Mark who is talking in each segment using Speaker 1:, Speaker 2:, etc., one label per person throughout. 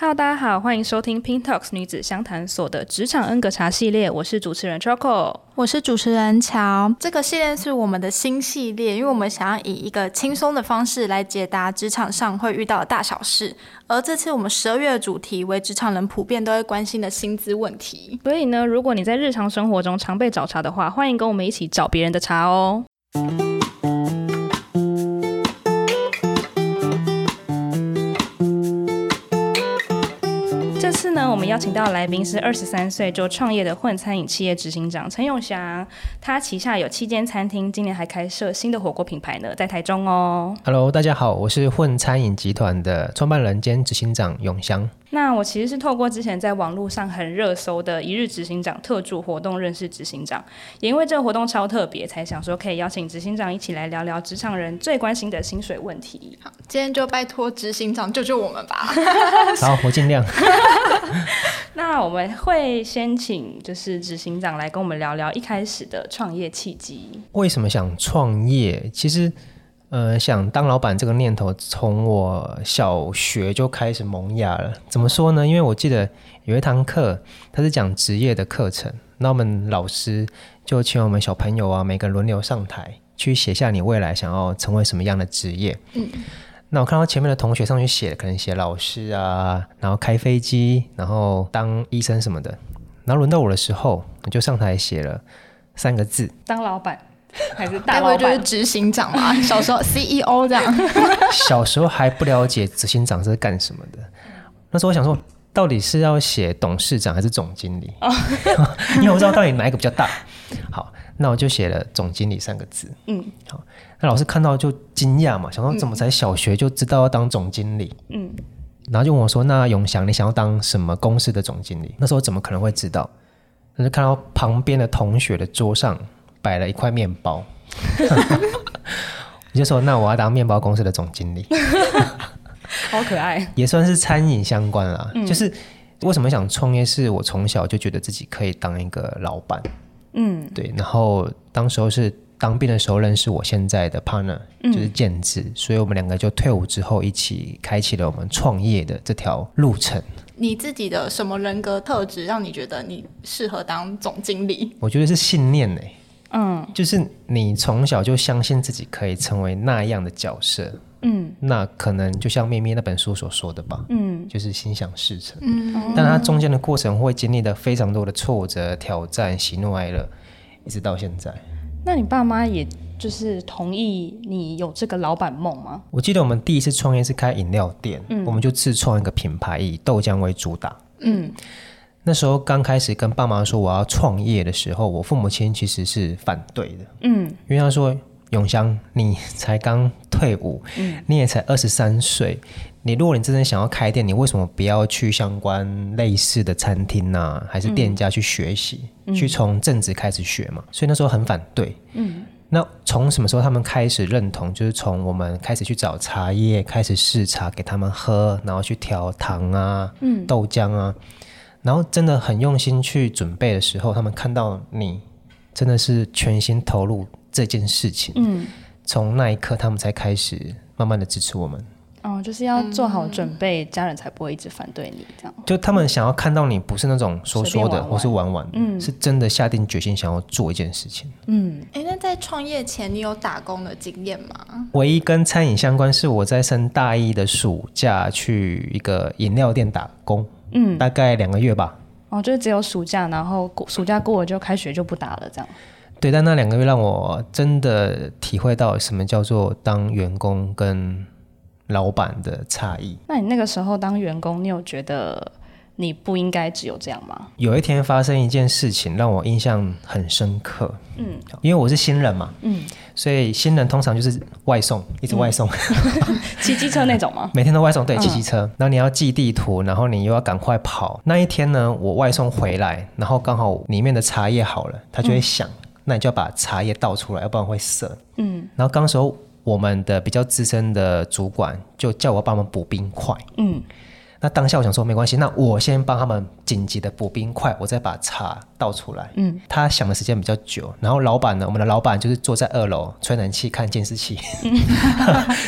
Speaker 1: Hello，大家好，歡迎收聽 Pintox 女子相談所的職
Speaker 2: 場 N 個碴系列。我是主持人 Choco，我是主持人喬。這個系列是我們的新系列，因為我們想要以一個輕鬆的方式來解答職場上會遇到的大小事。而這次我們十二月的主題為職場人普遍都會關心的薪資問題。
Speaker 1: 所以呢，如果你在日常生活中常被找茬的話，歡迎跟我們一起找別人的茬哦。 我們邀請到的來賓是二十三歲就創業的混餐飲企業執行長陳詠翔，他旗下有七間餐廳，今年還開設新的火鍋品牌呢，在台中哦。
Speaker 3: Hello，大家好，我是混餐飲集團的創辦人兼執行長詠翔。
Speaker 1: 那我其實是透過之前在網絡上很熱搜的“一日執行長特助”活動認識執行長，也因為這個活動超特別，才想說可以邀請執行長一起來聊聊職場人最關心的薪水問題。好，今天就拜託執行長救救我們吧！
Speaker 3: 好，我盡量。
Speaker 1: 那我們會先請就是執行長來跟我們聊聊一開始的創業契機，
Speaker 3: 為什麼想創業？其實。呃，想當老闆這個念頭從我小學就開始萌芽了。怎麼說呢？因為我記得有一堂課，它是講職業的課程。那我們老師就請我們小朋友啊，每個輪流上台去寫下你未來想要成為什麼樣的職業。嗯。那我看到前面的同學上去寫，可能寫老師啊，然後開飛機，然後當醫生什麼的。然後輪到我的時候，我就上台寫了三個字：
Speaker 2: 當老闆。還是大老闆就是執行長嘛， 小時候 CEO 這樣。
Speaker 3: 小時候還不了解執行長是幹什麼的，那時候我想說，到底是要寫董事長還是總經理？哦、 因為我不知道到底哪一個比較大。好，那我就寫了總經理三個字。嗯，好，那老師看到就驚訝嘛，嗯、想說怎麼才小學就知道要當總經理？嗯，然後就問我說：“那詠翔，你想要當什麼公司的總經理？”那時候我怎麼可能會知道？那就看到旁邊的同學的桌上。擺了一塊麵包， 我就說：“那我要當麵包公司的總經理。 ”好可愛，也算是餐飲相關啦。嗯、就是為什麼想創業，是我從小就覺得自己可以當一個老闆。嗯，對。然後當時候是當兵的時候認識我現在的 partner，、嗯、就是建志，所以我們兩個就退伍之後一起開啟了我們創業的這條路程。
Speaker 2: 你自己的什麼人格特質讓你覺得你適合當總經理？
Speaker 3: 我覺得是信念呢、欸。嗯，就是你從小就相信自己可以成為那樣的角色，嗯，那可能就像咩咩那本書所說的吧，嗯，就是心想事成，嗯，但它中間的過程會經歷了非常多的挫折、挑戰、喜怒哀樂，一直到現在。
Speaker 1: 那你爸媽也就是同意你有這個老闆夢嗎？
Speaker 3: 我記得我們第一次創業是開飲料店，嗯、我們就自創一個品牌，以豆漿為主打，嗯。那時候剛開始跟爸媽說我要創業的時候，我父母親其實是反對的。
Speaker 4: 嗯，
Speaker 3: 因為他說：“詠翔，你才剛退伍，嗯、你也才二十三歲，你如果你真正想要開店，你為什麼不要去相關類似的餐廳呢、啊？還是店家去學習，嗯、去從正職開始學嘛？”所以那時候很反對。嗯，那從什麼時候他們開始認同？就是從我們開始去找茶葉，開始試茶給他們喝，然後去調糖啊，嗯、豆漿啊。然後真的很用心去準備的時候，他們看到你真的是全心投入這件事情，嗯，從那一刻他們才開始慢慢的支持我們。
Speaker 1: 哦，就是要做好
Speaker 2: 準備，嗯、家人才不會一直反對你這樣。
Speaker 3: 就他們想要看到你不是那種說說的，玩玩或是玩玩，嗯，是真的下定決心想要做一件事情。
Speaker 2: 嗯，哎、欸，那在創業前你有打工的經驗嗎？
Speaker 3: 唯一跟餐飲相關是我在升大一的暑假去一個飲料店打工。嗯，大概兩個月吧。
Speaker 2: 哦，就是只有暑假，
Speaker 1: 然後暑假過了就開學就不打了這樣。
Speaker 3: 對，但那兩個月讓我真的體會到什麼叫做當員工跟老闆的差異。
Speaker 1: 那你那個時候當員工，你有覺得？你不應該只有這樣嗎？
Speaker 3: 有一天發生一件事情讓我印象很深刻。嗯，因為我是新人嘛。嗯，所以新人通常就是外送，一直外送，
Speaker 1: 騎機、嗯、 車那種嗎？
Speaker 3: 每天都外送，對，騎機、嗯、車。然後你要記地圖，然後你又要趕快跑。那一天呢，我外送回來，然後剛好裡面的茶葉好了，它就會響。嗯、那你就要把茶葉倒出來，要不然會澀。嗯。然後剛時候，我們的比較資深的主管就叫我幫忙補冰塊。嗯。那當下我想說沒關係，那我先幫他們緊急的補冰塊，我再把茶倒出來。嗯，他想的時間比較久，然後老闆呢，我們的老闆就是坐在二樓吹冷氣看監視器，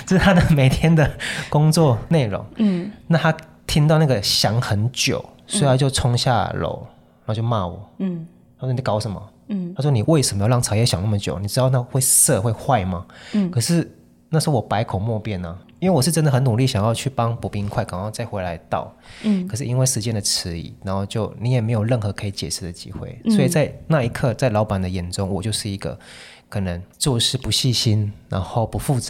Speaker 3: 這 是他的每天的工作內容。嗯，那他聽到那個想很久，嗯、所以他就衝下樓，然後就罵我。嗯，他說你在搞什麼？嗯，他說你為什麼要讓茶葉想那麼久？你知道那會澀會壞嗎？嗯，可是那時候我百口莫辯啊。因為我是真的很努力，想要去幫補冰塊，然後再回來倒。嗯、可是因為時間的遲疑，然後就你也沒有任何可以解釋的機會，嗯、所以在那一刻，在老闆的眼中，我就是一個可能做事不細心、然後不負責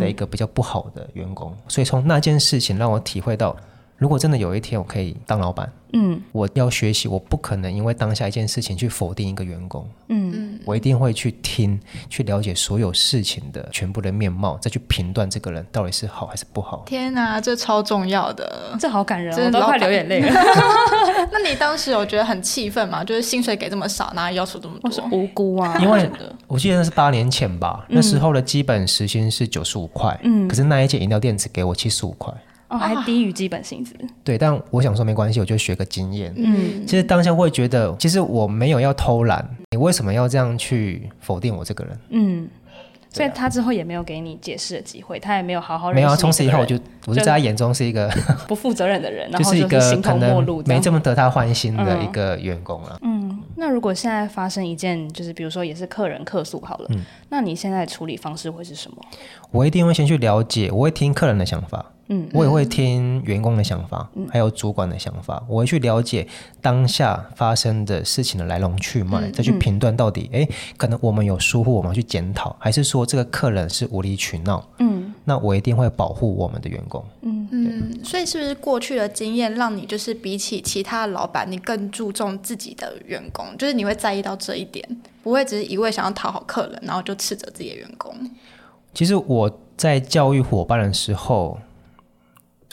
Speaker 3: 的一個比較不好的員工。嗯、所以從那件事情讓我體會到。如果真的有一天我可以當老闆，嗯，我要學習，我不可能因為當下一件事情去否定一個員工，嗯嗯，我一定會去聽，去了解所有事情的全部的面貌，再去評斷這個人到底是好還是不好。
Speaker 2: 天啊，這超重要的，這好感人，真的都快流眼淚了。那你當時有覺得很氣憤嗎？就是薪水給這麼少，哪裡要求這麼多？我是無辜啊， 因為
Speaker 3: 我記得那是八年前吧，嗯，那時候的基本時薪是九十五塊，嗯，可是那一間飲料店只給我七十五塊。
Speaker 2: 哦、
Speaker 1: 還低於基本薪資、
Speaker 3: 啊。對，但我想說沒關係，我就學個經驗。嗯，其實當下會覺得，其實我沒有要偷懶，你為什麼要這樣去否定我這個人？嗯，
Speaker 1: 所以他之後也沒有給你解釋的機會，他也沒有好好認識。沒有、啊，從此以後我就，我就在他眼中是一個不負責任的人， 就是一個形同陌路、沒這
Speaker 3: 麼得他歡心的一個員工了、啊。嗯，
Speaker 1: 那如果現在發生一件，就是比如說也是客人客訴好了，嗯、那你現在處理方式會是什麼？
Speaker 3: 我一定會先去了解，我會聽客人的想法。嗯，我也會聽員工的想法，嗯、還有主管的想法，嗯、我會去了解當下發生的事情的來龍去脈，嗯、再去評斷到底，哎、嗯，可能我們有疏忽，我們去檢討，還是說這個客人是無理取鬧？嗯，那我一定會保護我們的員工。
Speaker 2: 嗯嗯，對所以是不是過去的經驗讓你就是比起其他老闆，你更注重自己的員工，就是你會在意到這一點，不會只是一味想要討好客人，然後就斥責自己的員工？
Speaker 3: 其實我在教育夥伴的時候。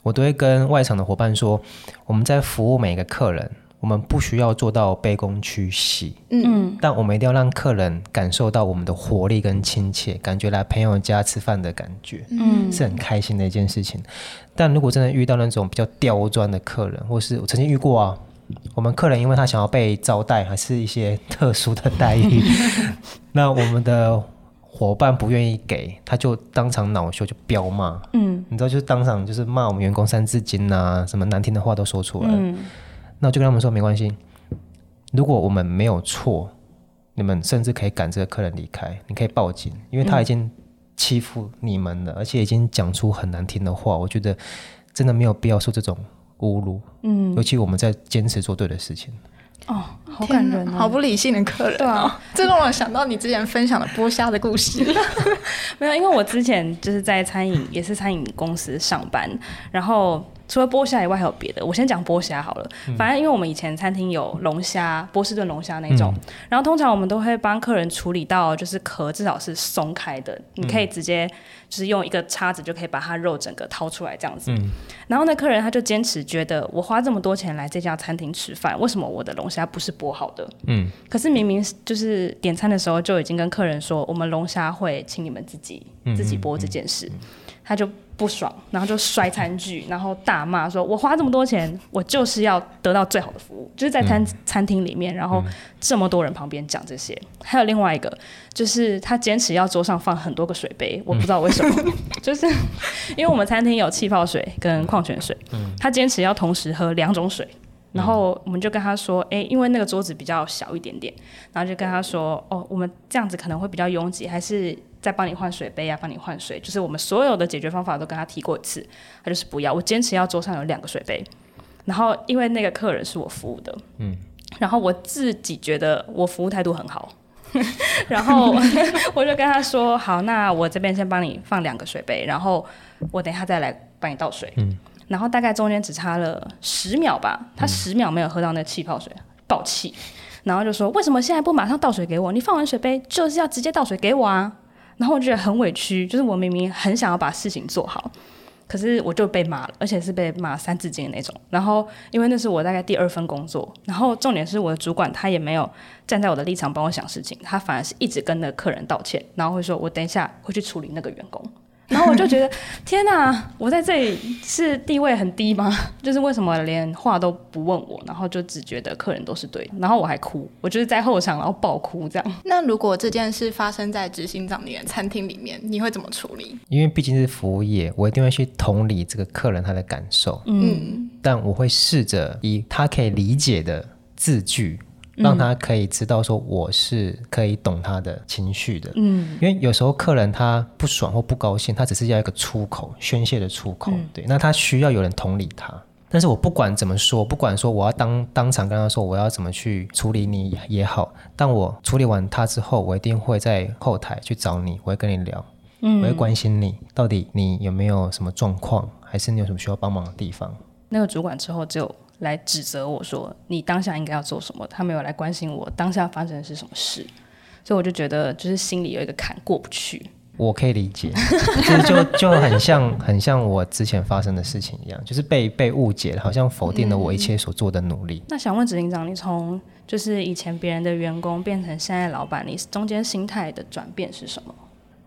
Speaker 3: 我都會跟外場的伙伴說，我們在服務每個客人，我們不需要做到卑躬屈膝，嗯，但我們一定要讓客人感受到我們的活力跟親切，感覺來朋友家吃飯的感覺，嗯，是很開心的一件事情。但如果真的遇到那種比較刁鑽的客人，或是我曾經遇過啊，我們客人因為他想要被招待，還是一些特殊的待遇， 那我們的。夥伴不願意給，他就當場惱羞就飆罵。嗯，你知道，就是當場就是罵我們員工三字經啊，什麼難聽的話都說出來。嗯，那我就跟他們說，沒關係。如果我們沒有錯，你們甚至可以趕這個客人離開，你可以報警，因為他已經欺負你們了，嗯、而且已經講出很難聽的話。我覺得真的沒有必要受這種侮辱。嗯，尤其我們在堅持做對的事情。
Speaker 2: 哦，oh, 天哪，好感人，啊，好不理性的客人。對啊，這讓我想到你之前分享的剝蝦的故事。
Speaker 1: 沒有，因為我之前就是在餐飲， 也是餐飲公司上班，然後。除了剝蝦以外，還有別的。我先講剝蝦好了。嗯、反正因為我們以前餐廳有龍蝦，波士頓龍蝦那種。嗯、然後通常我們都會幫客人處理到，就是殼至少是鬆開的，嗯、你可以直接就是用一個叉子就可以把它肉整個掏出來這樣子。嗯、然後那客人他就堅持覺得，我花這麼多錢來這家餐廳吃飯，為什麼我的龍蝦不是剝好的？嗯。可是明明就是點餐的時候就已經跟客人說，我們龍蝦會請你們自己自己剝這件事，嗯嗯嗯嗯他就。不爽，然後就摔餐具，然後大罵說：“我花這麼多錢，我就是要得到最好的服務。”就是在餐、嗯、餐廳裡面，然後這麼多人旁邊講這些。嗯、還有另外一個，就是他堅持要桌上放很多個水杯，嗯、我不知道為什麼， 就是因為我們餐廳有氣泡水跟礦泉水，他堅持要同時喝兩種水。然後我們就跟他說：“哎、欸，因為那個桌子比較小一點點，然後就跟他說：‘哦，我們這樣子可能會比較擁擠，還是’。”再幫你換水杯啊，幫你換水，就是我們所有的解決方法都跟他提過一次，他就是不要，我堅持要桌上有兩個水杯，然後因為那個客人是我服務的，嗯，然後我自己覺得我服務態度很好， 然後我就跟他說， 好，那我這邊先幫你放兩個水杯，然後我等一下再來幫你倒水，嗯，然後大概中間只差了十秒吧，他十秒沒有喝到那氣泡水，爆氣，然後就說為什麼現在不馬上倒水給我？你放完水杯就是要直接倒水給我啊？然後我覺得很委屈，就是我明明很想要把事情做好，可是我就被罵了，而且是被罵三字經的那種。然後因為那是我大概第二份工作，然後重點是我的主管他也沒有站在我的立場幫我想事情，他反而是一直跟那個客人道歉，然後會說我等一下會去處理那個員工。 然後我就覺得，天哪，我在這裡是地位很低嗎？就是為什麼連話都不問我，然後就只覺得客人都是對的，然後我
Speaker 2: 還哭，我就是在後場然後爆哭這樣。那如果這件事發生在執行長的餐廳裡面，你會怎麼處理？
Speaker 3: 因為畢竟是服務業，我一定會去同理這個客人他的感受。嗯，但我會試着以他可以理解的字句。讓他可以知道說我是可以懂他的情緒的，嗯，因為有時候客人他不爽或不高興，他只是要一個出口，宣洩的出口，嗯、對，那他需要有人同理他。但是我不管怎麼說，不管說我要當當場跟他說我要怎麼去處理你也好，但我處理完他之後，我一定會在後台去找你，我會跟你聊，嗯，我會關心你到底你有沒有什麼狀況，還是你有什麼需要幫忙的地方。
Speaker 1: 那個主管之後就來指責我說，你當下應該要做什麼，他沒有來關心我當下發生的是什麼事，所以我就覺得就是心裡有一個坎過不去。
Speaker 3: 我可以理解， 是就就就很像很像我之前發生的事情一樣，就是被被誤解了，好像否定了我一切所做的努力。嗯，
Speaker 1: 那想問執行長，你從就是以前別人的員工變成現在老闆，你中間心態的轉變是什麼？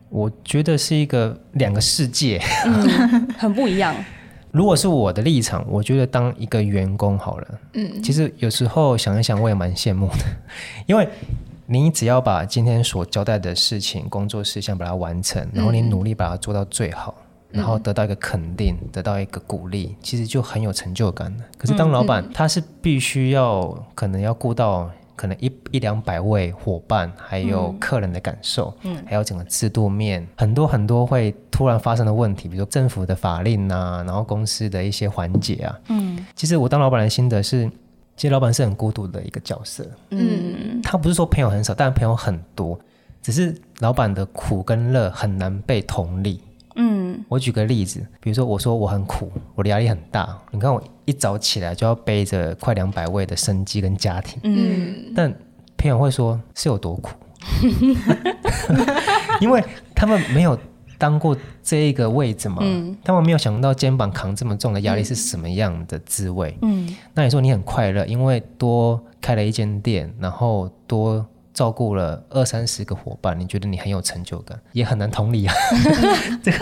Speaker 3: 我覺得是一個兩個世界，
Speaker 1: 嗯， 很不一樣。
Speaker 3: 如果是我的立場，我覺得當一個員工好了。嗯，其實有時候想一想，我也蠻羨慕的，因為你只要把今天所交代的事情、工作事項把它完成，然後你努力把它做到最好，嗯嗯，然後得到一個肯定，得到一個鼓勵，其實就很有成就感了。可是當老闆，嗯嗯，他是必須要可能要顧到。可能一一兩百位夥伴，還有客人的感受，嗯，還有整個制度面，嗯、很多很多會突然發生的問題，比如說政府的法令啊，然後公司的一些環節啊，嗯，其實我當老闆的心得是，其實老闆是很孤獨的一個角色，嗯，他不是說朋友很少，但朋友很多，只是老闆的苦跟樂很難被同理。嗯，我舉個例子，比如說我說我很苦，我的壓力很大。你看我一早起來就要背着快兩百位的生機跟家庭。嗯，但朋友會說是有多苦， 因為他們沒有當過這一個位置嘛，嗯，他們沒有想到肩膀扛這麼重的壓力是什麼樣的滋味。嗯，嗯，那你說你很快樂，因為多開了一間店，然後多。照顧了二三十個夥伴，你覺得你很有成就感，也很難同理啊。 這個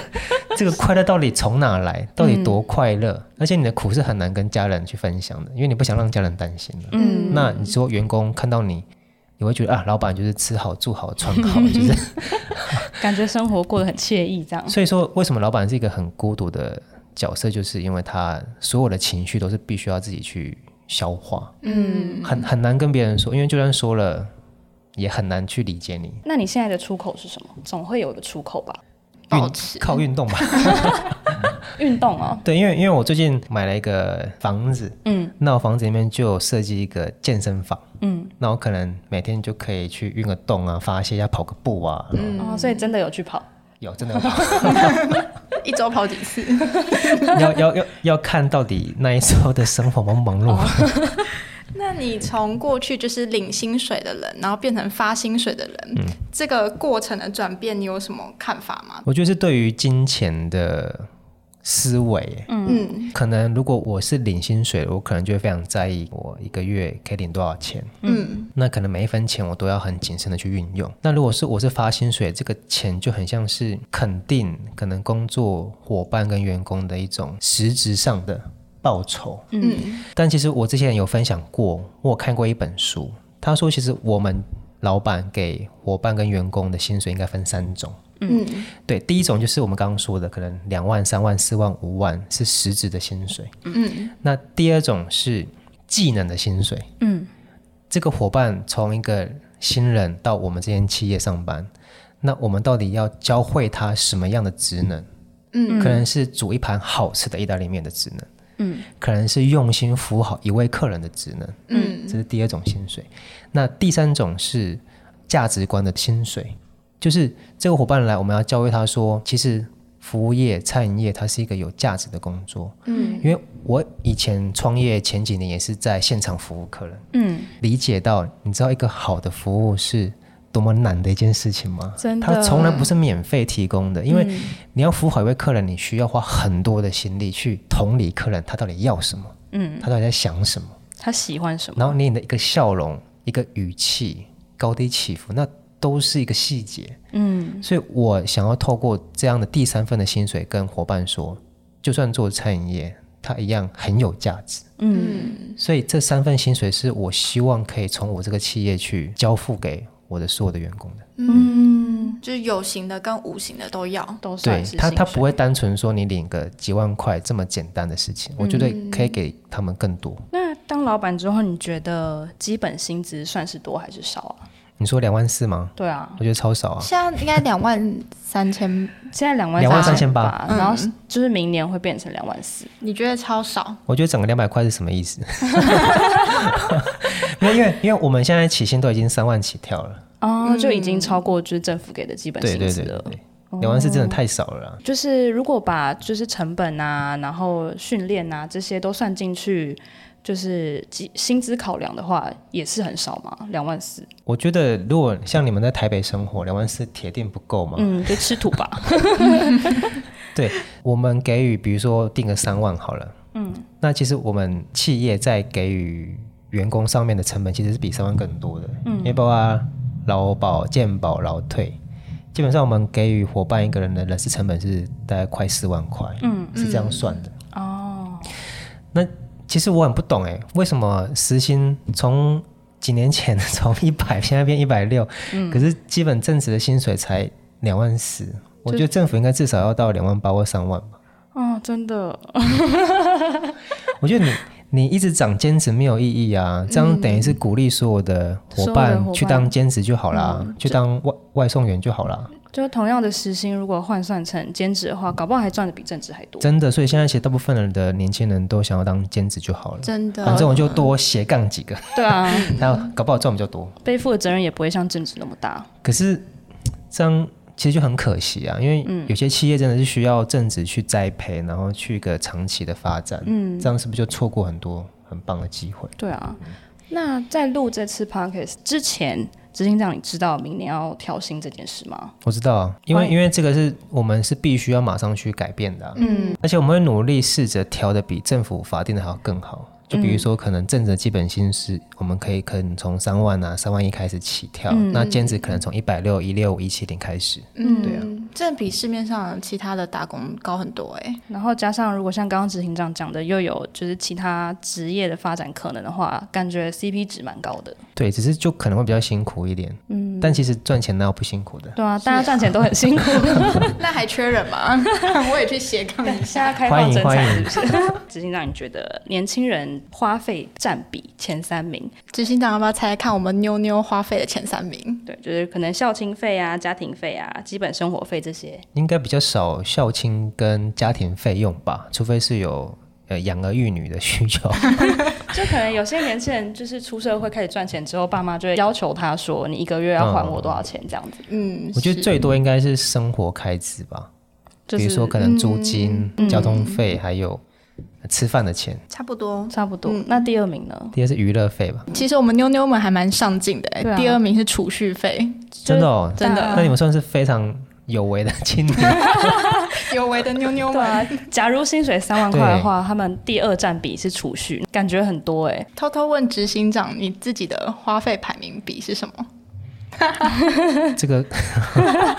Speaker 3: 這個快樂到底從哪來？到底多快樂？嗯、而且你的苦是很難跟家人去分享的，因為你不想讓家人擔心的嗯，那你說員工看到你，你會覺得啊，老闆就是吃好、住好、穿好，嗯、就是
Speaker 1: 感覺生活過得很愜意，這樣。所以
Speaker 3: 說，為什麼老闆是一個很孤獨的角色？就是因為他所有的情緒都是必須要自己去消化，
Speaker 1: 嗯，很很
Speaker 3: 難跟別人說，因為就算說了。也很難去理解你。
Speaker 1: 那你現在的出口是什麼？總會有個出口吧？
Speaker 3: 運靠運動吧。
Speaker 1: 運動哦。
Speaker 3: 對，因為因為我最近買了一個房子，嗯，那我房子裡面就有設計一個健身房，嗯，那我可能每天就可以去運個動啊，發洩一下，跑個步啊。
Speaker 1: 哦，所以真的有去跑？有，真的
Speaker 2: 有跑。一周跑幾次？
Speaker 1: 要
Speaker 3: 要要要看到底那一周的生活忙不忙碌？
Speaker 2: 那你從過去就是領薪水的人，然後變成發薪水的人，嗯，這個過程的轉變，你有什麼看法嗎？
Speaker 3: 我覺得是對於金錢的思維，
Speaker 2: 嗯，可
Speaker 3: 能如果我是領薪水，我可能就會非常在意我一個月可以領多少錢，嗯，那可能每一分錢我都要很謹慎的去運用。那如果是我是發薪水，這個錢就很像是肯定可能工作夥伴跟員工的一種實質上的。報酬，嗯，但其實我之前有分享過，我看過一本書，他說其實我們老闆給夥伴跟員工的薪水應該分三種，嗯，對，第一種就是我們剛剛說的，可能兩萬、三萬、四萬、五萬是實質的薪水，嗯，那第二種是技能的薪水，
Speaker 4: 嗯，
Speaker 3: 這個夥伴從一個新人到我們這間企業上班，那我們到底要教會他什麼樣的職能？嗯，
Speaker 4: 可能
Speaker 3: 是煮一盤好吃的意大利麵的職能。嗯，可能是用心服務好一位客人的職能，嗯，這是第二種薪水。那第三種是價值觀的薪水，就是這個伙伴來，我們要教育他說，其實服務業、餐飲業它是一個有價值的工作，嗯，因為我以前創業前幾年也是在現場服務客人，嗯，理解到你知道一個好的服務是多麼難的一件事情嗎？真的，他從來不是免費提供的，嗯、因為你要服務好一位客人，你需要花很多的心力去同理客人，他到底要什麼？嗯，他到底在想什麼？
Speaker 1: 他喜歡什麼？然後你，
Speaker 3: 你的一個笑容、一個語氣、高低起伏，那都是一個細節。嗯，所以我想要透過這樣的第三份的薪水，跟伙伴說，就算做餐飲業，他一樣很有價值。嗯，所以這三份薪水是我希望可以從我這個企業去交付給。我的是我的員工的，
Speaker 2: 嗯，就是有形的跟無形的都要，都是對他，他不
Speaker 3: 會單純說，你領個幾萬塊這麼簡單的事情，嗯，我覺得可以給他們更多。
Speaker 1: 那當老闆之後，你覺得基本薪資算
Speaker 2: 是多還是少啊？
Speaker 3: 你說兩萬四嗎？對啊，我覺得超少啊。
Speaker 2: 現在應該兩萬三千， 現在兩萬兩萬三千八，然後就是明年會變成兩萬四，你覺得超
Speaker 1: 少？
Speaker 3: 我覺得整個兩百塊是什麼意思？ 因為因為我們現在起薪都已經三萬起跳
Speaker 1: 了哦，就已經超過就是政府給的基本薪資了。
Speaker 3: 嗯、對對對對、
Speaker 1: 兩萬四真的太少了啦。哦，就是如果把就是成本啊，然後訓練啊這些都算進去，就是薪資考量的話，也是很少嘛。兩萬四，
Speaker 3: 我覺得如果像你們在台北生活，兩萬四鐵定不夠嘛。嗯，
Speaker 1: 就吃土吧。
Speaker 3: 對我們給予，比如說定個三萬好了。嗯，那其實我們企業在給予。員工上面的成本其實是比三萬更多的，嗯，因為包括勞保、健保、勞退，基本上我們給予夥伴一個人的人事成本是大概快四萬塊，嗯，嗯，是這樣算的。
Speaker 4: 哦，
Speaker 3: 那其實我很不懂哎，為什麼時薪從幾年前從一百現在變一百六，可是基本正職的薪水才兩萬四，我覺得政府應該至少要到兩萬八或三萬吧？
Speaker 1: 哦，真的，
Speaker 3: 我覺得你。你一直講兼職沒有意義啊，這樣等於是鼓勵所有的夥伴去當兼職就好啦，去當外外送員就好啦。
Speaker 1: 就同樣的時薪，如果換算成兼職的話，搞不好還賺的比正職還多。
Speaker 3: 真的，所以現在其實大部分人的年輕人都想要當兼職就好了。真
Speaker 1: 的，反正我就多
Speaker 3: 斜槓幾個。對啊，然後 搞不好賺比較多，嗯、
Speaker 1: 背負的責任也不會像正職那麼大。
Speaker 3: 可是這樣。其實就很可惜啊，因為有些企業真的是需要政治去栽培，嗯、然後去一個長期的發展，嗯，這樣是不是就錯過很多很棒的機會？
Speaker 1: 對啊，嗯、那在錄這次 podcast 之前，執行長你知道明年要調薪這件事嗎？
Speaker 3: 我知道啊，因為因為這個是我們是必須要馬上去改變的、啊，嗯，而且我們會努力試着調的比政府法定的還要更好。就比如說，可能正職的基本薪是，我們可以可能從三萬啊、三萬一開始起跳，嗯、那兼職可能從一百六、一六五、一七零開始，嗯，對
Speaker 1: 啊，這比市面上其他的打工高很多哎、欸。然後加上，如果像剛剛執行長講的，又有就是其他職業的發展可能的話，感覺 CP 值蠻高的。
Speaker 3: 對，只是就可能會比較辛苦一點，嗯，但其實賺錢哪有不辛苦的？
Speaker 1: 對啊，大家賺錢都很辛苦，
Speaker 2: 那還缺人嗎？ 我也去斜槓，一下。 現在開放徵才。 執行
Speaker 1: 長你覺得年輕人花費占比前三名，執行長要不要猜猜看我們妞妞花費的前三名？對，就是可能孝親費啊、家庭費啊、基本生活費這些，
Speaker 3: 應該比較少孝親跟家庭費用吧，除非是有呃養兒育女的需求。
Speaker 1: 就可能有些年輕人就是出社會開始賺錢之後， 爸媽就會要求他說：“你一個月要還我多少錢？”這樣子。嗯，嗯是我覺得最多
Speaker 3: 應該是生活開支吧，就
Speaker 2: 是、比如說可能租金、嗯、交通費、嗯、
Speaker 3: 還有。吃飯的錢
Speaker 2: 差不多，差不多。嗯、那第二名呢？
Speaker 3: 第二是娛樂費吧。嗯、
Speaker 2: 其實我們妞妞們還蠻上進的哎、欸。啊、第二名是儲蓄費。真的、哦，真的、啊。那你
Speaker 3: 們算是非常有為的青年，
Speaker 1: 有為的妞妞嗎、啊？假如薪水三萬塊的話，對他們第
Speaker 2: 二占比是儲蓄，感覺很多哎、欸。偷偷問執行長，你自己的花費排名比是什麼？
Speaker 3: 這個。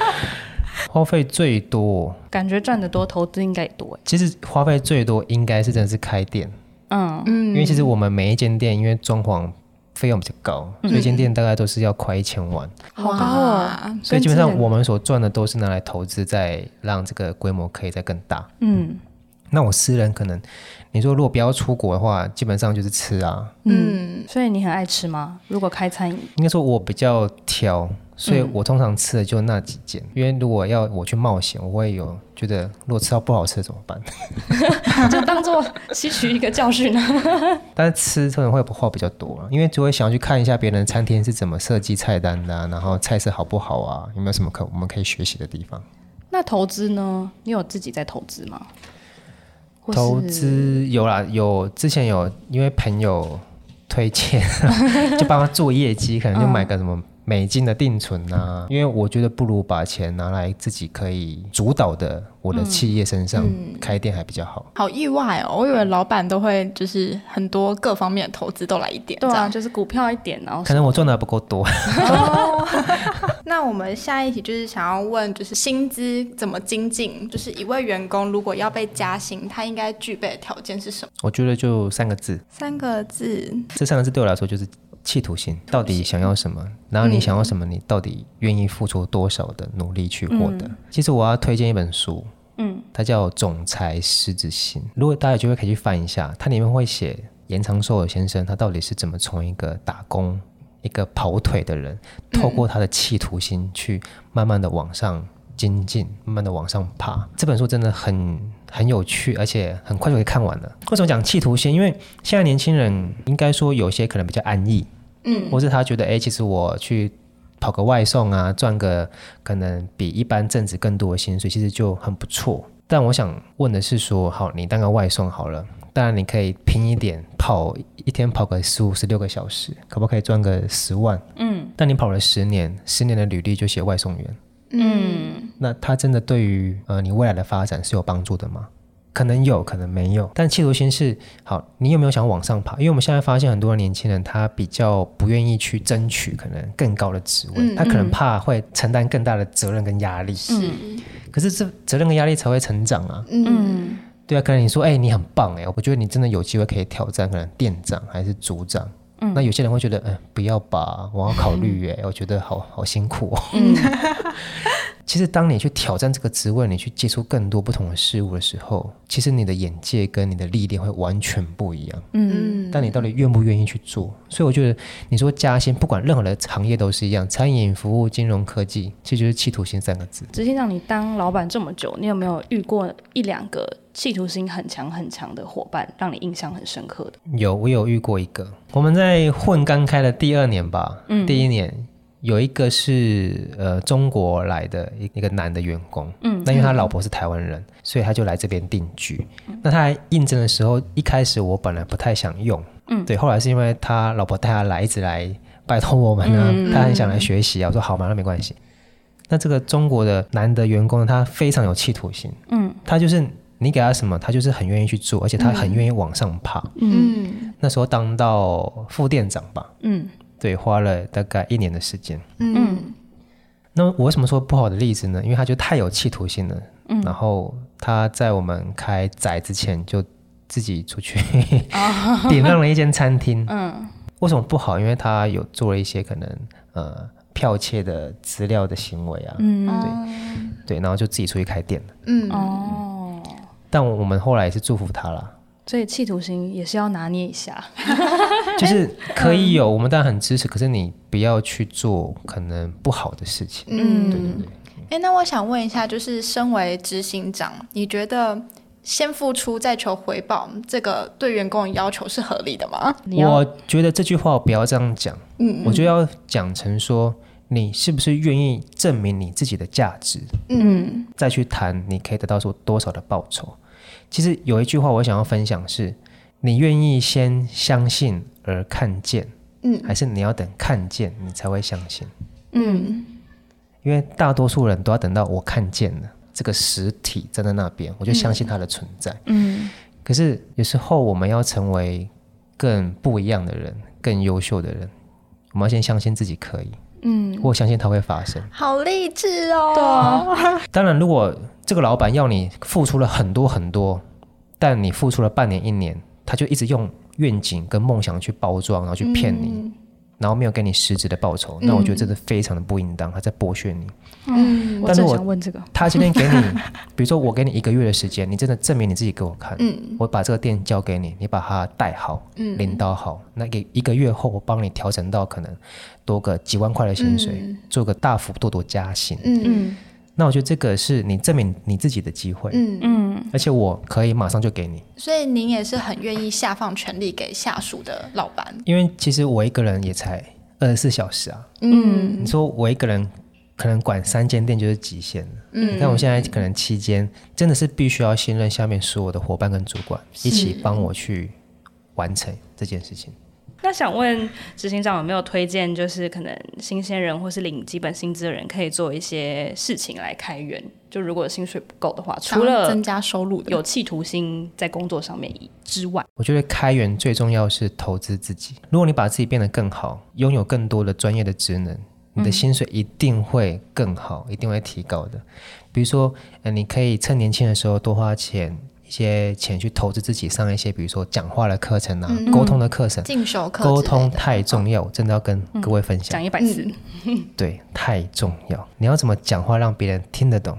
Speaker 3: 花費最多，
Speaker 1: 感覺賺得多，投資應該也多。
Speaker 3: 其實花費最多應該是真的是開店，嗯嗯，因為其實我們每一間店，因為裝潢費用比較高，每間、嗯、店大概都是要快一千萬，
Speaker 2: 啊哇所以基本上我
Speaker 3: 們所賺的都是拿來投資，再讓這個規模可以再更大。嗯,嗯，那我私人可能。你說如果不要出國的話，基本上就是吃啊。嗯，
Speaker 1: 所以你很愛吃嗎？如果開餐飲，
Speaker 3: 應該說我比較挑，所以我通常吃的就那幾件。嗯、因為如果要我去冒險，我會有覺得，如果吃到不好吃的怎麼辦？
Speaker 1: 就當做吸取一個教訓。
Speaker 3: 但是吃可能會話比較多啊，因為只會想要去看一下別人餐廳是怎麼設計菜單的，啊，然後菜色好不好啊，有沒有什麼可我們可以學習的地方？
Speaker 1: 那投資呢？你有自己在投資嗎？投資
Speaker 3: 有啦，有之前有，因為朋友推薦， 就幫他做業績，可能就買個什麼。美金的定存啊，因為我覺得不如把錢拿來自己可以主導的我的企業身上開店還比較好，嗯嗯。
Speaker 2: 好意外哦，我以為老闆都會就是很多各方面的投資都來一點，對啊，這樣就是股票一點然後。可
Speaker 3: 能我賺的還不夠多。
Speaker 2: 那我們下一題就是想要問，就是薪資怎麼精進？就是一位員工如果要被加薪，他應該具備的條件是什麼？
Speaker 3: 我覺得就三個字。
Speaker 2: 三個字。
Speaker 3: 這三個字對我來說就是。企圖心到底想要什麼？嗯、然後你想要什麼？你到底願意付出多少的努力去獲得？嗯、其實我要推薦一本書，嗯，它叫《總裁獅子心》。如果大家有機會可以去翻一下，它裡面會寫嚴長壽先生他到底是怎麼從一個打工、一個跑腿的人，透過他的企圖心去慢慢的往上精進，慢慢的往上爬。這本書真的很。很有趣，而且很快就可以看完了。為什麼講企圖心？因為現在年輕人應該說有些可能比較安逸，嗯，或是他覺得哎、欸，其實我去跑個外送啊，賺個可能比一般正職更多的薪水，其實就很不錯。但我想問的是說，好，你當個外送好了，當然你可以拼一點，跑一天跑個十五十六個小時，可不可以賺個十萬？嗯，但你跑了十年，十年的履歷就寫外送員。嗯，那他真的對於呃你未來的發展是有幫助的嗎？可能有可能沒有，但企圖心是好。你有沒有想往上爬？因為我們現在發現很多年輕人他比較不願意去爭取可能更高的職位，嗯嗯、他可能怕會承擔更大的責任跟壓力。是、嗯，可是這責任跟壓力才會成長啊。嗯，對啊，可能你說哎、欸、你很棒哎，我覺得你真的有機會可以挑戰可能店長還是組長。那有些人會覺得，嗯、呃，不要吧，我要考慮，欸，哎，嗯，我覺得好好辛苦哦。嗯 其實，當你去挑戰這個職位，你去接觸更多不同的事物的時候，其實你的眼界跟你的歷練會完全不一樣。嗯，但你到底願不願意去做？所以我覺得，你說加薪，不管任何的行業都是一樣，餐飲、服務、金融科技，其實就是企圖心三個字。
Speaker 1: 執行長，你當老闆這麼久，你有沒有遇過一兩個企圖心很強很強的夥伴，讓你印象很深刻的？
Speaker 3: 有，我有遇過一個，我們在混剛開的第二年吧，嗯、第一年。有一個是呃中國來的一個男的員工，嗯，那因為他老婆是台灣人，嗯、所以他就來這邊定居。嗯、那他應徵的時候，一開始我本來不太想用，嗯，對，後來是因為他老婆帶他來，一直來拜托我們啊，嗯、他很想來學習啊，嗯、我說好嘛，那沒關係。那這個中國的男的員工，他非常有企圖心，嗯，他就是你給他什麼，他就是很願意去做，而且他很願意往上爬，嗯，那時候當到副店長吧，嗯。對，花了大概一年的時間。嗯，那我為什麼說不好的例子呢？因為他就太有企圖心了。嗯，然後他在我們開宅之前就自己出去、 哦、
Speaker 1: 點亮
Speaker 3: 了一間餐廳。嗯，為什麼不好？因為他有做了一些可能呃剽竊的資料的行為啊。嗯，對嗯對，然後就自己出去開店了。嗯，嗯哦，但我們後來也是祝福他了。
Speaker 1: 所以企圖心也是要拿捏一下。 就是可以有，
Speaker 3: 嗯、我們當然很支持。可是你不要去做可能不好的事情。嗯，
Speaker 2: 對對對。哎、嗯、欸，那我想問一下，就是身為執行長，你覺得先付出再求回報，這個對員工的要求是合理的嗎？我
Speaker 3: 覺得這句話我不要這樣講。嗯，我就要講成說，你是不是願意證明你自己的價值？
Speaker 2: 嗯，
Speaker 3: 再去談你可以得到多少的報酬。其實有一句話我想要分享是。你願意先相信而看見，嗯，還是你要等看見你才會相信，嗯，因為大多數人都要等到我看見了這個實體站在那邊，我就相信它的存在，嗯。可是有時候我們要成為更不一樣的人，更優秀的人，我們要先相信自己可以，嗯，我相信它會發生。
Speaker 2: 好勵志哦。對啊、嗯。
Speaker 3: 當然，如果這個老闆要你付出了很多很多，但你付出了半年、一年。他就一直用願景跟夢想去包裝，然後去騙你，嗯、然後沒有給你實質的報酬。那、嗯、我覺得這是非常的不應當，他在剝削你。嗯，
Speaker 4: 但是我想問這個，他今天給你，嗯、這個、
Speaker 3: 比如說我給你一個月的時間，你真的證明你自己給我看。嗯，我把這個店交給你，你把它帶好，嗯、領導好。那一一個月後，我幫你調整到可能多個幾萬塊的薪水，嗯、做個大幅度的加薪。嗯嗯。嗯那我覺得這個是你證明你自己的機會。嗯嗯，嗯，而且我可以馬上就給你。
Speaker 2: 所以您也是很願意下放權力給下屬的老闆？
Speaker 3: 因為其實我一個人也才二十四小時啊，嗯，你說我一個人可能管三間店就是極限了，嗯，但我現在可能七間真的是必須要信任下面所有的夥伴跟主管一起幫我去完成這件事情。
Speaker 1: 那想問執行長有沒有推薦，就是可能新鮮人或是領基本薪資的人可以做一些事情來開源？就如果薪水不夠的話，除了增加收入、有企圖心在工作上面之外，
Speaker 3: 我覺得開源最重要是投資自己。如果你把自己變得更好，擁有更多的專業的職能，你的薪水一定會更好，一定會提高的。比如說，嗯，你可以趁年輕的時候多花錢。一些錢去投資自己，上一些比如說講話的課程啊，溝、嗯、通的課程，進
Speaker 2: 修課之類的，溝通
Speaker 3: 太重要，哦、真的要跟各位分享。
Speaker 1: 講、嗯、一百次，
Speaker 3: 對，太重要。你要怎麼講話讓別人聽得懂？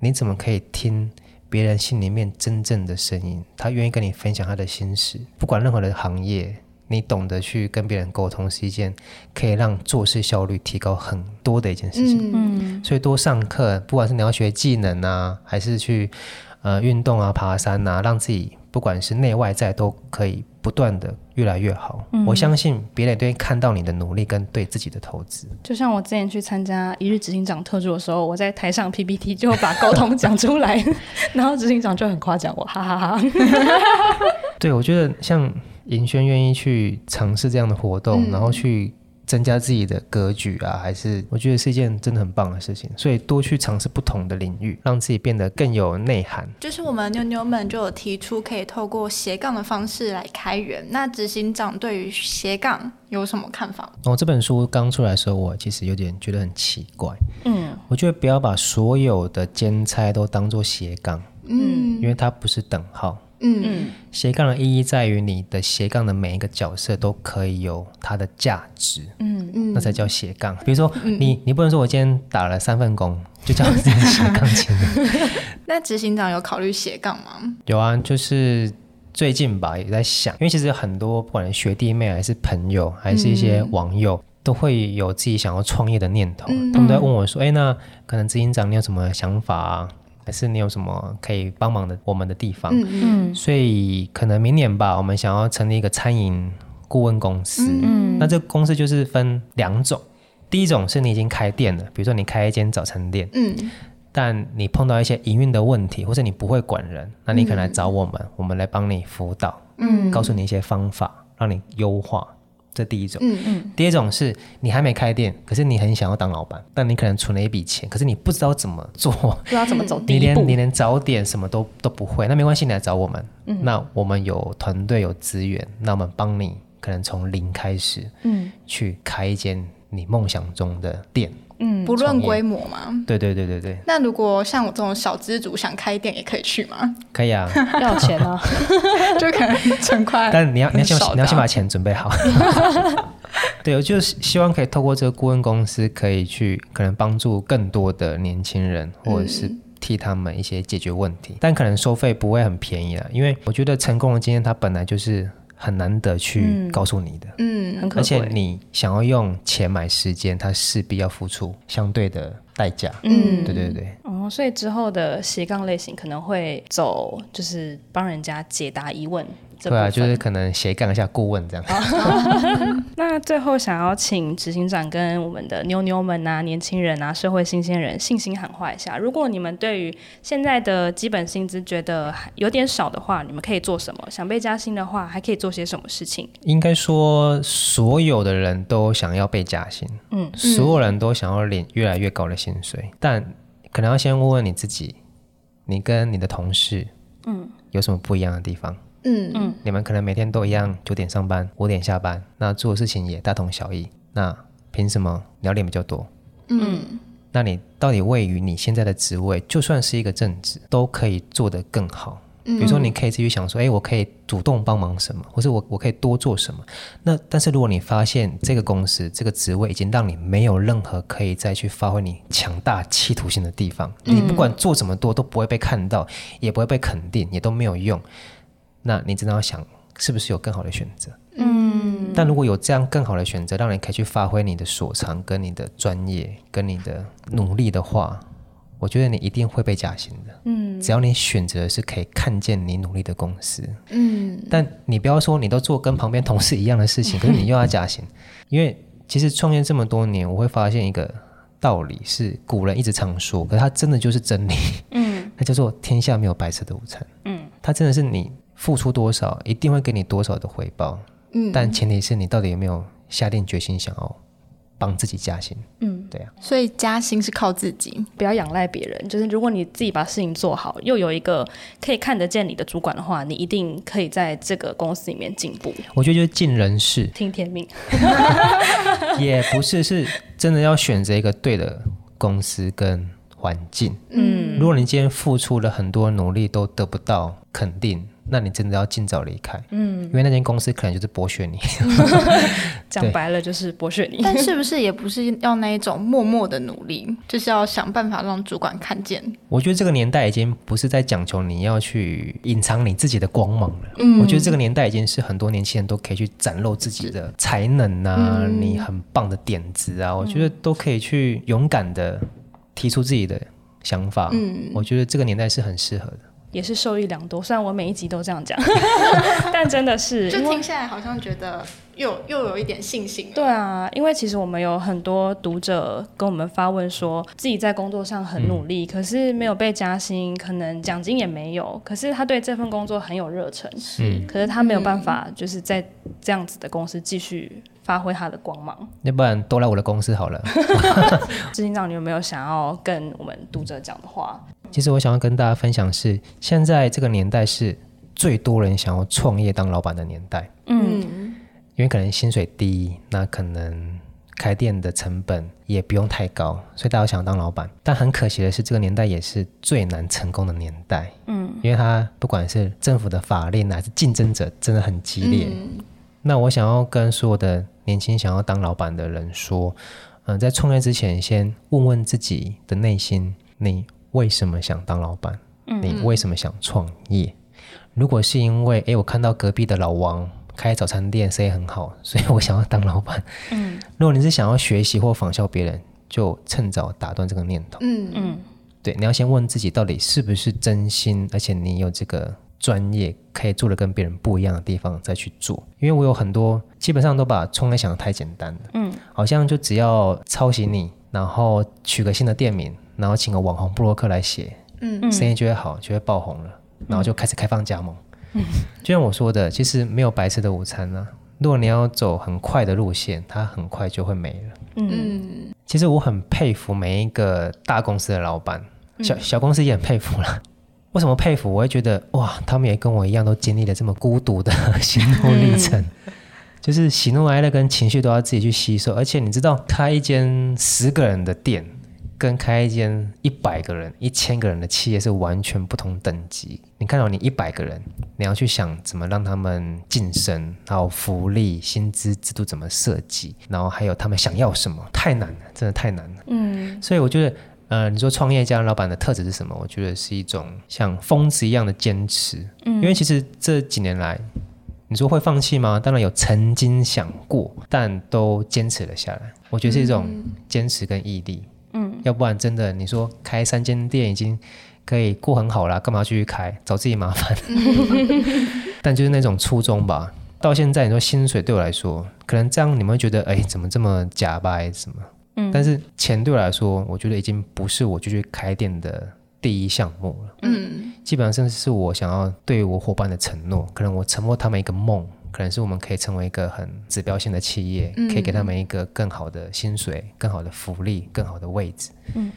Speaker 3: 你怎麼可以聽別人心裡面真正的聲音？他願意跟你分享他的心事。不管任何的行業，你懂得去跟別人溝通是一件可以讓做事效率提高很多的一件事情。嗯，嗯所以多上課，不管是你要學技能啊，還是去。呃，運動啊，爬山啊，讓自己不管是內外在都可以不斷的越來越好。嗯、我相信別人都會看到你的努力跟對自己的投資。
Speaker 1: 就像我之前去參加一日執行長特助的時候，我在台上 PPT 就會把溝通講出來， 然後執行長就很誇獎我，哈哈哈，哈。
Speaker 3: 對，我覺得像銀軒願意去嘗試這樣的活動，嗯、然後去。增加自己的格局啊，還是我覺得是一件真的很棒的事情。所以多去嘗試不同的領域，讓自己變得更有內涵。
Speaker 2: 就是我們妞妞們就有提出，可以透過斜槓的方式來開源。那執行長對於斜槓有什麼看法？
Speaker 3: 哦，這本書剛出來的時候，我其實有點覺得很奇怪。嗯，我覺得不要把所有的兼差都當做斜槓。嗯，
Speaker 4: 因為
Speaker 3: 它不是等號。嗯嗯，斜槓的意義在於你的斜槓的每一個角色都可以有它的價值，嗯嗯，
Speaker 4: 嗯那才
Speaker 3: 叫斜槓。比如說、嗯、你，你不能說我今天打了三份工，就叫自
Speaker 4: 己斜槓青
Speaker 2: 年。那執行長有考慮斜槓嗎？
Speaker 3: 有啊，就是最近吧，也在想，因為其實很多不管學弟妹還是朋友，還是一些網友，嗯、都會有自己想要創業的念頭，嗯嗯。他們都在問我說：“哎、欸，那可能執行長你有什麼想法啊？”還是你有什麼可以幫忙的我們的地方？嗯，嗯，所以可能明年吧，我們想要成立一個餐飲顧問公司。嗯，嗯，那這個公司就是分兩種，第一種是你已經開店了，比如說你開一間早餐店，嗯，但你碰到一些營運的問題，或者你不會管人，那你可能來找我們，嗯，我們來幫你輔導，嗯，告訴你一些方法，讓你優化。這第一種，嗯嗯，嗯，第二種是你還沒開店，可是你很想要當老闆，但你可能存了一筆錢，可是你不知道怎麼做，不知道怎麼走你，你連你連找店什麼都都不會，那沒關係，你來找我們，嗯，那我們有團隊有資源，那我們幫你可能從零開始，嗯，去開一間你夢想中的店。嗯嗯
Speaker 2: 嗯，不論規模嘛。
Speaker 3: 對對對對對。
Speaker 2: 那如果像我這種小資族，想開店，也可以去嗎？可以啊， 要錢啊， 就可能存 快很。但你要你
Speaker 3: 要先你要先把錢準備好。 對，我就是希望可以透過這個顧問公司，可以去可能幫助更多的年輕人，或者是替他們一些解決問題。嗯，但可能收費不會很便宜啊，因為我覺得成功的經驗它本來就是。很難得去告訴你
Speaker 4: 的，
Speaker 1: 嗯，嗯很可，而且
Speaker 3: 你想要用錢買時間，它勢必要付出相對的代價，嗯，對，對對
Speaker 1: 對，哦，所以之後的斜槓類型可能會走，就是幫人家解答疑問。對啊，就
Speaker 3: 是可能斜槓一下顧問這樣。
Speaker 1: 那最後想要請執行長跟我們的妞妞們啊，年輕人啊，社會新鮮人，信心喊話一下：如果你們對於現在的基本薪資覺得有點少的話，你們可以做什麼？想被加薪的話，還可以做些什麼事情？
Speaker 3: 應該說，所有的人都想要被加薪，嗯，所有人都想要領越來越高的薪水，嗯、但可能要先問問你自己，你跟你的同事，
Speaker 4: 嗯，
Speaker 3: 有什麼不一樣的地方？嗯嗯嗯，你們可能每天都一樣，九點上班，五點下班，那做的事情也大同小異。那憑什麼聊點比較多？嗯，那你到底位於你現在的職位，就算是一個正職，都可以做得更好。比如說你可以自己想說，哎、嗯欸，我可以主動幫忙什麼，或者我我可以多做什麼。那但是如果你發現這個公司這個職位已經讓你沒有任何可以再去發揮你強大企圖心的地方，你不管做這麼多都不會被看到，也不會被肯定，也都沒有用。那你真的要想是不是有更好的選擇？嗯。
Speaker 4: 但如
Speaker 3: 果有這樣更好的選擇，讓你可以去發揮你的所長、跟你的專業、跟你的努力的話，我覺得你一定會被加薪
Speaker 4: 的。嗯。只要
Speaker 3: 你選擇是可以看見你努力的公司。嗯。但你不要說你都做跟旁邊同事一樣的事情，可是你又要加薪，因為其實創業這麼多年，我會發現一個道理，是古人一直常說，可是它真的就是真理。嗯。它叫做天下沒有白吃的午餐。嗯。它真的是你。付出多少，一定會給你多少的回報。嗯，但前提是你到底有沒有下定決心想要幫自己加薪？嗯，對啊，
Speaker 2: 所以加薪是靠自己，不要仰賴別人。就是如果你自己把
Speaker 1: 事情做好，又有一個可以看得見你的主管的話，你一定可以在這個公司裡面進步。
Speaker 3: 我覺得就是盡人事，
Speaker 1: 聽天命。
Speaker 3: 也不是，是真的要選擇一個對的公司跟環境。嗯，如果你今天付出了很多努力，都得不到肯定。那你真的要盡早離開，嗯，因為那間公司可能就是剝削你，
Speaker 2: 講白了就是剝削你。 對但是不是也不是要那一種默默的努力，就是要想辦法讓主管看見。
Speaker 3: 我覺得這個年代已經不是在講求你要去隱藏你自己的光芒了。嗯，我覺得這個年代已經是很多年輕人都可以去展露自己的才能吶、啊，嗯、你很棒的點子啊，嗯、我覺得都可以去勇敢的提出自己的想法。嗯，我覺得這個年代是很適合的。
Speaker 1: 也是受益良多，雖然我每一集都這樣講， 但真的是就聽下來，
Speaker 2: 因為好像覺得又又有一點信心。對
Speaker 1: 啊，因為其實我們有很多讀者跟我們發問，說自己在工作上很努力，嗯、可是沒有被加薪，可能獎金也沒有，可是他對這份工作很有熱忱，是可是他沒有辦法就是在這樣子的公司繼續發揮他的光芒。
Speaker 3: 那不然都來我的公司好了。
Speaker 1: 執、嗯、行 長，你有沒有想要跟我們讀者講的話？
Speaker 3: 其實我想要跟大家分享是，現在這個年代是最多人想要創業當老闆的年代。嗯，因為可能薪水低，那可能開店的成本也不用太高，所以大家想要當老闆。但很可惜的是，這個年代也是最難成功的年代。嗯，因為他不管是政府的法令，還是競爭者，真的很激烈。嗯、那我想要跟所有的年輕想要當老闆的人說，嗯、呃，在創業之前，先問問自己的內心，你。為什麼想當老闆？你為什麼想創業？嗯嗯、如果是因為哎，我看到隔壁的老王開早餐店，生意很好，所以我想要當老闆。嗯、如果你是想要學習或仿效別人，就趁早打斷這個念頭。嗯嗯，嗯對，你要先問自己，到底是不是真心，而且你有這個專業可以做得跟別人不一樣的地方，再去做。因為我有很多，基本上都把創業想得太簡單了。嗯，好像就只要抄襲你，然後取個新的店名。然後請個網紅部落客來寫，嗯，生意就會好，就會爆紅了。嗯、然後就開始開放加盟，
Speaker 4: 嗯，
Speaker 3: 就像我說的，其實沒有白吃的午餐了、啊。如果你要走很快的路線，它很快就會沒了。嗯，其實我很佩服每一個大公司的老闆，小小公司也很佩服了。為、嗯、什麼佩服？我會覺得哇，他們也跟我一樣，都經歷了這麼孤獨的心路歷程，嗯、就是喜怒哀樂跟情緒都要自己去吸收。而且你知道，開一間十個人的店。跟開一間一百個人、一千個人的企業是完全不同等級。你看到你一百個人，你要去想怎麼讓他們晉升，然後福利、薪資制度怎麼設計，然後還有他們想要什麼，太難了，真的太難了。
Speaker 4: 嗯，
Speaker 3: 所以我覺得，呃，你說創業家老闆的特質是什麼？我覺得是一種像瘋子一樣的堅持。嗯，因為其實這幾年來，你說會放棄嗎？當然有，曾經想過，但都堅持了下來。我覺得是一種堅持跟毅力。嗯嗯，要不然真的，你說開三間店已經可以過很好了，幹嘛繼續開，找自己麻煩？ 但就是那種初衷吧。到現在，你說薪水對我來說，可能這樣你們會覺得，哎、欸，怎麼這麼假吧，還是什麼？嗯、但是錢對我來說，我覺得已經不是我繼續開店的第一項目了。嗯，基本上甚至是我想要對我夥伴的承諾，可能我承諾他們一個夢。可能是我們可以成為一個很指標性的企業，可以給他們一個更好的薪水、嗯、更好的福利、更好的位置。嗯，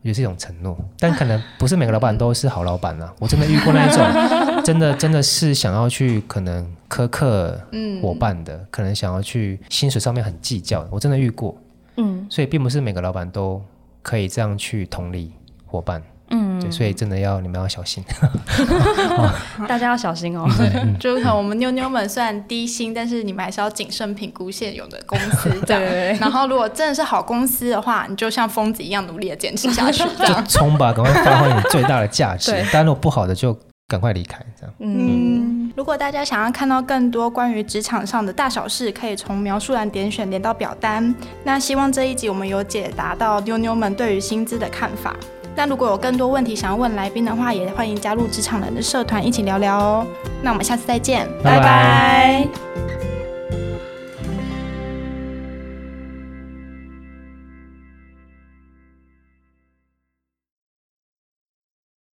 Speaker 3: 也是一種承諾，但可能不是每個老闆都是好老闆啊。我真的遇過那一種，真的真的是想要去可能苛刻夥伴的，嗯、可能想要去薪水上面很計較。我真的遇過，嗯，所以並不是每個老闆都可以這樣去同理夥伴。嗯對，所以真的要你們要小心， 哦
Speaker 2: 哦、大家要小心哦。對，嗯、就是我們妞妞們雖然低薪，嗯、但是你們還是要謹慎評估現有的公司，對，對，然後如果真的是好公司的話，你就像瘋子一樣努力的堅持下去，就
Speaker 3: 衝吧，趕快發揮你最大的價值。對但如果不好的就趕快離開，這
Speaker 2: 樣。嗯，嗯如果大家想要看到更多關於職場上的大小事，可以從描述欄點選連到表單。那希望這一集我們有解答到妞妞們對於薪資的看法。那如果有更多問題想要問來賓的話，也歡迎加入職場人的，的社團一起聊聊哦。那我們下次再見，拜拜 bye。Bye bye